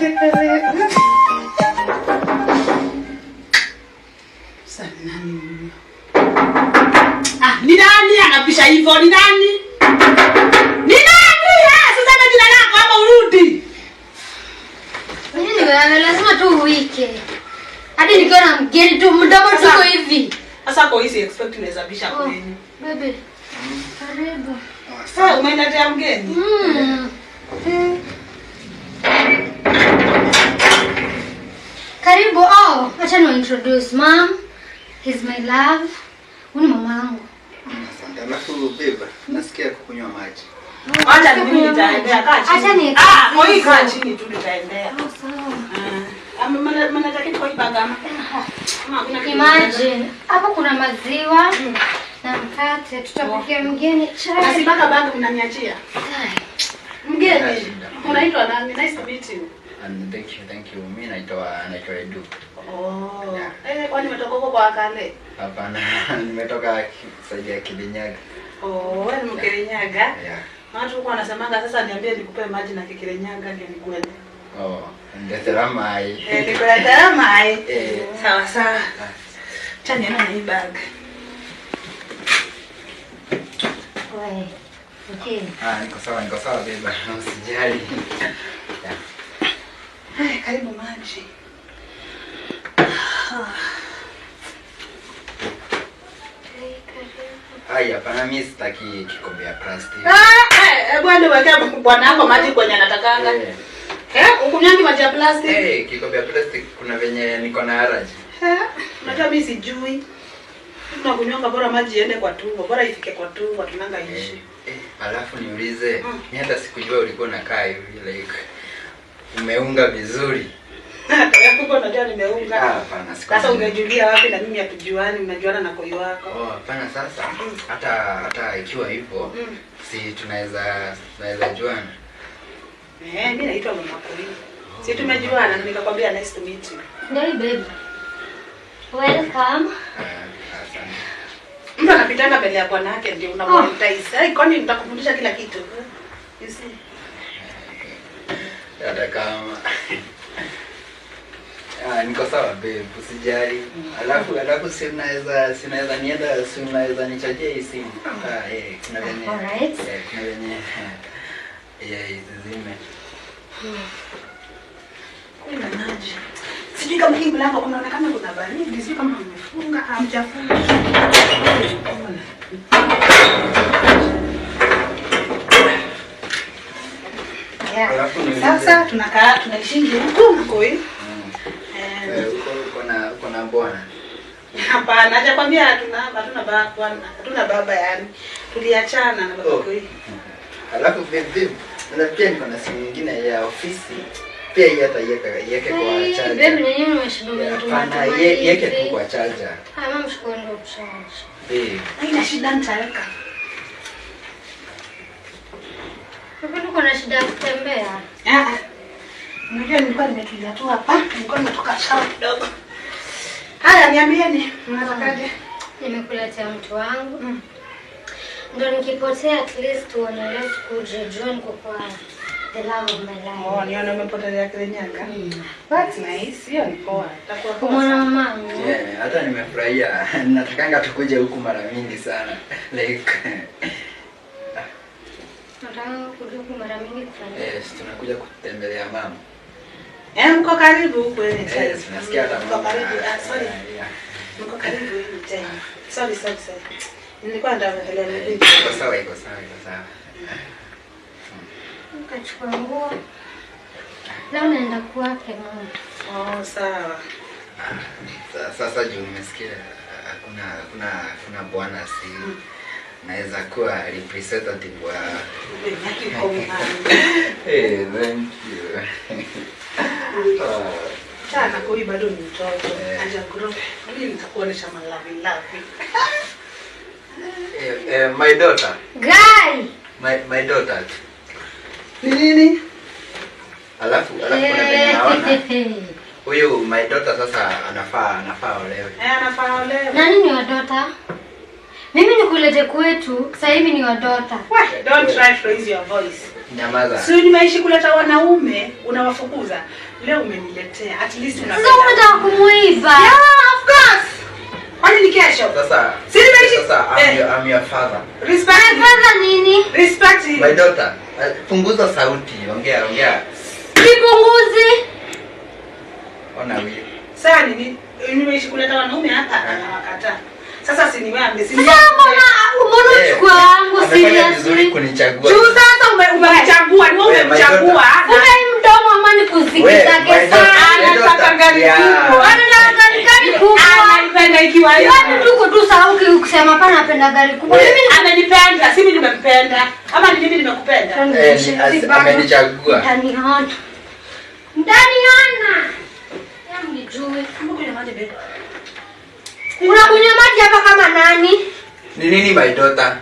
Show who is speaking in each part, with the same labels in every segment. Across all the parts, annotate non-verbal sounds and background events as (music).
Speaker 1: Ah, ni nani anapisha hivyo? Ni nani? Ni nani? Eh, sasa jina lako ama urudi.
Speaker 2: Nini lazima tu uwike. Hadi nikiwa mgeni tu mdomo tuko hivi.
Speaker 1: Sasa kwa hizi expect unaweza bisha oh, kwa nini?
Speaker 2: Bebe. Mm. Karibu.
Speaker 1: Sasa eh, umeenda tena mgeni?
Speaker 2: Mm. Eh. Acha ni introduce mom. He's my love. Huyu mama wangu.
Speaker 3: Asante. na kuzo beba, nasikia kukunywa maji.
Speaker 1: Acha ni mimi nitaendea kachi. Acha ni. Ah, kwa hii kachi ni tu nitaendea.
Speaker 2: Oh, sawa ah. jacket kwa Oh, sawa. Imagine. Hapo kuna maziwa hmm. na mkate. Tutapikia mgeni
Speaker 1: chai. asibaka bado unaniachia. Mgeni. Nami, nice to meet you.
Speaker 3: And thank you, thank you. Mimi naitwa naitwa Edu.
Speaker 1: Oh. Yeah. Eh, kwani umetoka huko kwa Kale?
Speaker 3: Hapana, (laughs) nimetoka saidia ya Kirinyaga.
Speaker 1: Oh, wewe ni Mkirinyaga? Yeah. Watu huko wanasemanga sasa niambie nikupe maji na Kikirinyaga ndio nikuelewe.
Speaker 3: Oh, ndeteramai.
Speaker 1: Eh, nikuleteramai. (laughs) Eh. Sawa sawa. Chani na hii bag.
Speaker 2: Wewe. Okay.
Speaker 3: Ah, niko sawa, niko sawa beba. (laughs) Usijali
Speaker 1: karibu maji.
Speaker 3: Hai, hapana mimi sitaki kikombe ya plastiki.
Speaker 1: Ah, eh, eh, bwana weka bwana wako maji kwenye anatakanga. Eh, eh ukunywangi maji ya plastiki?
Speaker 3: Eh, kikombe ya plastiki kuna venye niko na haraji.
Speaker 1: Eh, unajua mimi sijui. Tunakunywanga bora maji iende kwa tumbo, bora ifike kwa tumbo tunanga ishi.
Speaker 3: Eh, alafu niulize, mm. mimi hata sikujua ulikuwa unakaa hivi like Umeunga vizuri. (laughs)
Speaker 1: Ah, sasa wapi na mimi hatujuani, unajuana na koi wako.
Speaker 3: Oh, hapana sasa. Mm. Hata hata ikiwa hivyo mm. si tunaweza tunaweza juana.
Speaker 1: Eh, naitwa Oh. Si tumejuana nikakwambia nice to meet you.
Speaker 2: Welcome.
Speaker 3: Ah,
Speaker 1: Mtu mbele ya ndio Oh. nitakufundisha kila kitu. You see?
Speaker 3: hata kama ah, niko sawa babe, usijali. Alafu alafu si unaweza si unaweza nienda si unaweza nichajie hii simu. Ah, eh, kuna venye. Alright. Eh, kuna venye. (laughs) Eh, izime.
Speaker 1: Kuna maji. Sijui kama hii mlango unaonekana kuna baridi, sijui kama umefunga, hamjafunga.
Speaker 3: Sasa tunakaa tunaishi huko huko hmm. eh. eh, hivi. Kuna bwana.
Speaker 1: Hapana, acha hatuna hatuna baba hatuna baba yani. Tuliachana na baba yake. Oh.
Speaker 3: Alafu vipi? Na pia niko na simu nyingine ya ofisi. Pia yeye ataiweka yake kwa charger.
Speaker 2: Mimi mwenyewe nimeshindwa
Speaker 3: kutuma. Hapana, tu kwa charger.
Speaker 2: Ah, mshukuru ndio kushauri.
Speaker 3: Eh.
Speaker 1: Haina shida nitaweka.
Speaker 2: Kuna shida ya kutembea?
Speaker 1: Ah, ah. Unajua nilikuwa nimetulia tu hapa, nilikuwa nimetoka shamba kidogo. Haya, niambieni mnatakaje?
Speaker 2: Nimekuletea mtu wangu mm. Ndo nikipotea at least uonele tukuje John kwa kwa the love of my life.
Speaker 1: Oh, niona umepotelea kile nyanga. Mm. That's nice. Hiyo ni poa.
Speaker 2: Takuwa poa. Mwana
Speaker 3: Yeah, hata nimefurahia. (laughs) Natakanga tukuje huku mara mingi sana. (laughs) Like
Speaker 2: huku mara mingi kufanya.
Speaker 3: Yes, eh, tunakuja kutembelea mama.
Speaker 1: Eh, mko karibu huku ile
Speaker 3: Yes, tunasikia hata mko
Speaker 1: karibu. Ah, sorry. Eh, mko karibu ile time. Sorry, sorry, sorry. Nilikuwa ndio na eh,
Speaker 3: hivi. Iko sawa, iko sawa, iko sawa.
Speaker 2: Hmm. Nikachukua nguo. Na unaenda kwake kemo.
Speaker 1: Oh, sawa.
Speaker 3: Ah, sasa juu nimesikia kuna kuna kuna bwana si mm naweza kuwa representative wa hey, (laughs) eh, thank
Speaker 1: you ah. bado ni mtoto eh.
Speaker 3: eh, my daughter guy my my daughter nini alafu alafu naona (laughs) huyu my daughter sasa anafaa anafaa olewe
Speaker 1: eh anafaa olewe
Speaker 2: nani ni wa daughter mimi nikulete kwetu, sasa hivi ni wadota.
Speaker 1: Don't try to raise your voice. Nyamaza. Si nimeishi kuleta wanaume unawafukuza. Leo umeniletea. At least Sasa
Speaker 2: unataka kumuiba.
Speaker 1: Yeah, of course. ni kesho? Sasa. Si
Speaker 3: sasa eh. I'm, your, father.
Speaker 1: Respect.
Speaker 2: My father nini?
Speaker 1: Respect. My
Speaker 3: daughter. Eh, punguza sauti. Ongea, ongea.
Speaker 2: Kipunguzi.
Speaker 3: Ona
Speaker 1: Nimeishi kuleta wanaume hapa wakata. Sasa si niwaambie si
Speaker 2: niwaambie. Umeona eh, chukua wangu
Speaker 3: seriously. Kunichagua.
Speaker 1: Juu sasa umemchagua, ah, ni wewe umemchagua.
Speaker 2: Kumbe ah, mdomo amani kusikiza
Speaker 3: kesa.
Speaker 1: Anataka gani kubwa?
Speaker 2: Anataka gani kubwa?
Speaker 1: Ananipenda ah, ikiwa hiyo.
Speaker 2: Wewe tuko tu sahau ukisema hapana napenda gari kubwa.
Speaker 1: Mimi ananipenda, si mimi nimempenda. Ama ni mimi nimekupenda.
Speaker 3: Eh, amenichagua.
Speaker 2: Ndani ona. Ndani ona. Yamjui. Mungu ni mmoja bado. Unakunywa maji hapa kama nani?
Speaker 3: Ni nini my daughter?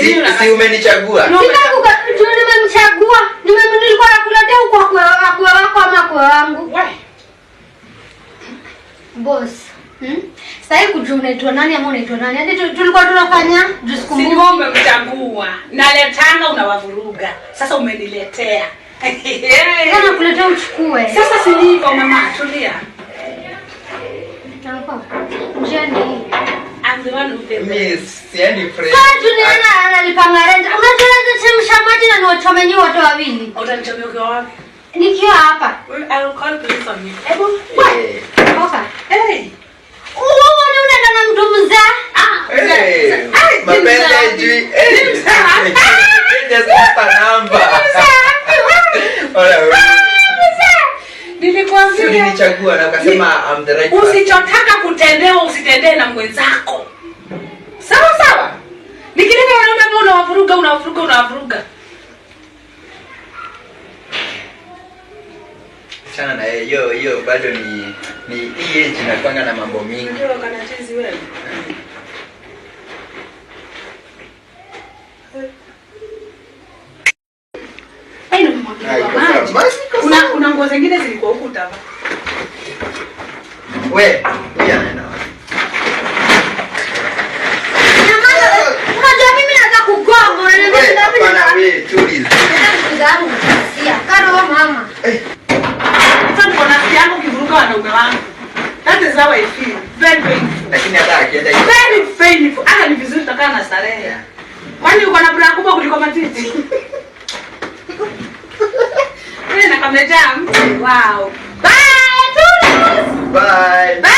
Speaker 3: Si, si umenichagua?
Speaker 2: Nimemchagua. Nilikuwa nakuletea huko kwa kwa wako ama kwa wangu. Boss. Hmm? Sasa kujua unaitwa nani ama unaitwa nani? Hadi yaani tulikuwa tunafanya juice kumbu.
Speaker 1: Sisi umemchagua. Na letana unawavuruga. Sasa umeniletea. (laughs)
Speaker 2: Kana kuletea uchukue.
Speaker 1: Sasa si hivyo mama, tulia
Speaker 2: analipanga rent. Unajua nachemsha maji na niwachome nyinyi wote wawili.
Speaker 1: Utanichomea ukiwa wapi?
Speaker 2: Nikiwa hapa. na mtu mzaa
Speaker 3: na ukasema I'm the right
Speaker 1: person. Usichotaka kutendewa usitendee na mwenzako. Sawa sawa. Nikilenga wanaume ambao unawavuruga unawavuruga unawavuruga.
Speaker 3: Chana na hiyo hiyo bado ni ni hii age inakwanga na mambo mingi.
Speaker 1: Ndio kana chizi wewe. una nguo zingine zilikuwa huku utavaa.
Speaker 3: We, pia nenda wapi?
Speaker 2: Unajua mimi nataka kugonga, unaniambia
Speaker 3: mimi nataka wewe, tuliza.
Speaker 2: Nataka kuzamu kusia. Karo mama. Eh.
Speaker 1: Sasa niko na afya yangu kivuruga wanaume wangu. That is how I feel. Very painful.
Speaker 3: Lakini hata akienda hivi.
Speaker 1: Very painful. Hata ni vizuri tutakaa na starehe. Kwani uko na bra kubwa kuliko matiti? (laughs) Wewe na kamera jam. Wow.
Speaker 3: Bye.
Speaker 1: Bye.